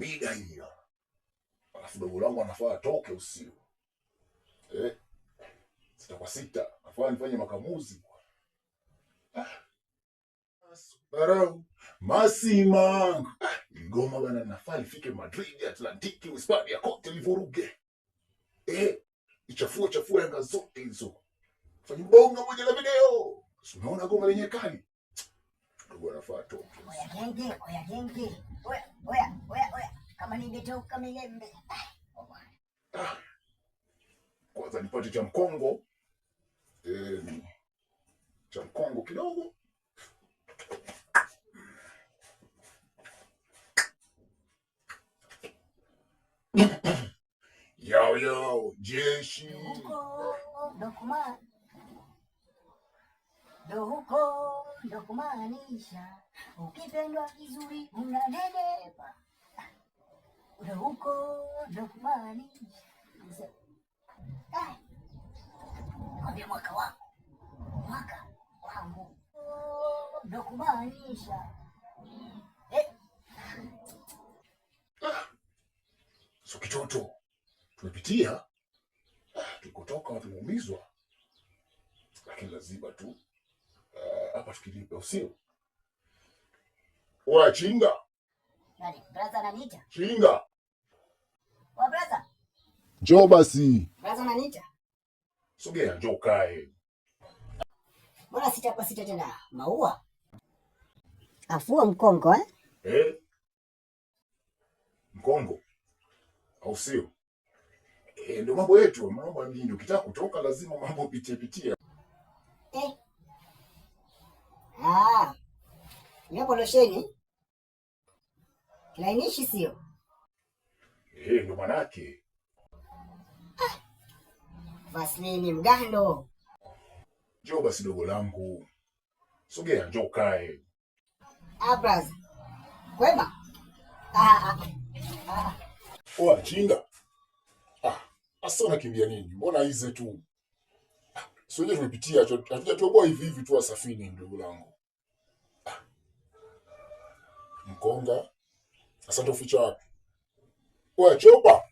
piga hiyo, alafu dogo langu anafaa atoke usiku eh, sita kwa sita, nafaa nifanye makamuzi ah. Barau masima ah. ngoma bana, nafaa ifike Madrid, Atlantiki, Hispania kote livuruge eh, ichafue chafue anga zote hizo, fanye bonga moja la video. Unaona goma lenye kali, dogo anafaa atoke. Oya genge, oya genge, oya oya oya kama nimetoka milembe. Ah, kwanza nipate cha mkongo e, cha mkongo kidogo yao yao jeshi huko ndo ndo huko ndo ukipendwa vizuri unaneneva kwambia mwaka mwaka wangu eh. ah. so tumepitia ah, tukotoka, tumeumizwa, lakini lazima tu ah, hapa tukilipe, usio wa chinga. brother ananiita chinga? Njoo basi. Baraza unaniita? Sogea njoo kae. Bora sita kwa sita tena maua. Afua mkongo eh? Eh. Mkongo. Au sio? Eh, ndio mambo yetu, mambo ya mjini. Ukitaka kutoka lazima mambo pitie pitia. Eh. Ah. Nipo losheni. Lainishi sio? Eh, ndio manake basi nini mgando. Njoo basi dogo langu, sogea, njoo kae. Abraz ah, kwema. Ah, ah, ah. Chinga ah, asa unakimbia nini? Mbona hize tu ah, soje tumepitia, hatujatoboa hivi hivi tu asafini, ndugu langu ah. Mkonga asante, uficha wapi Oa chopa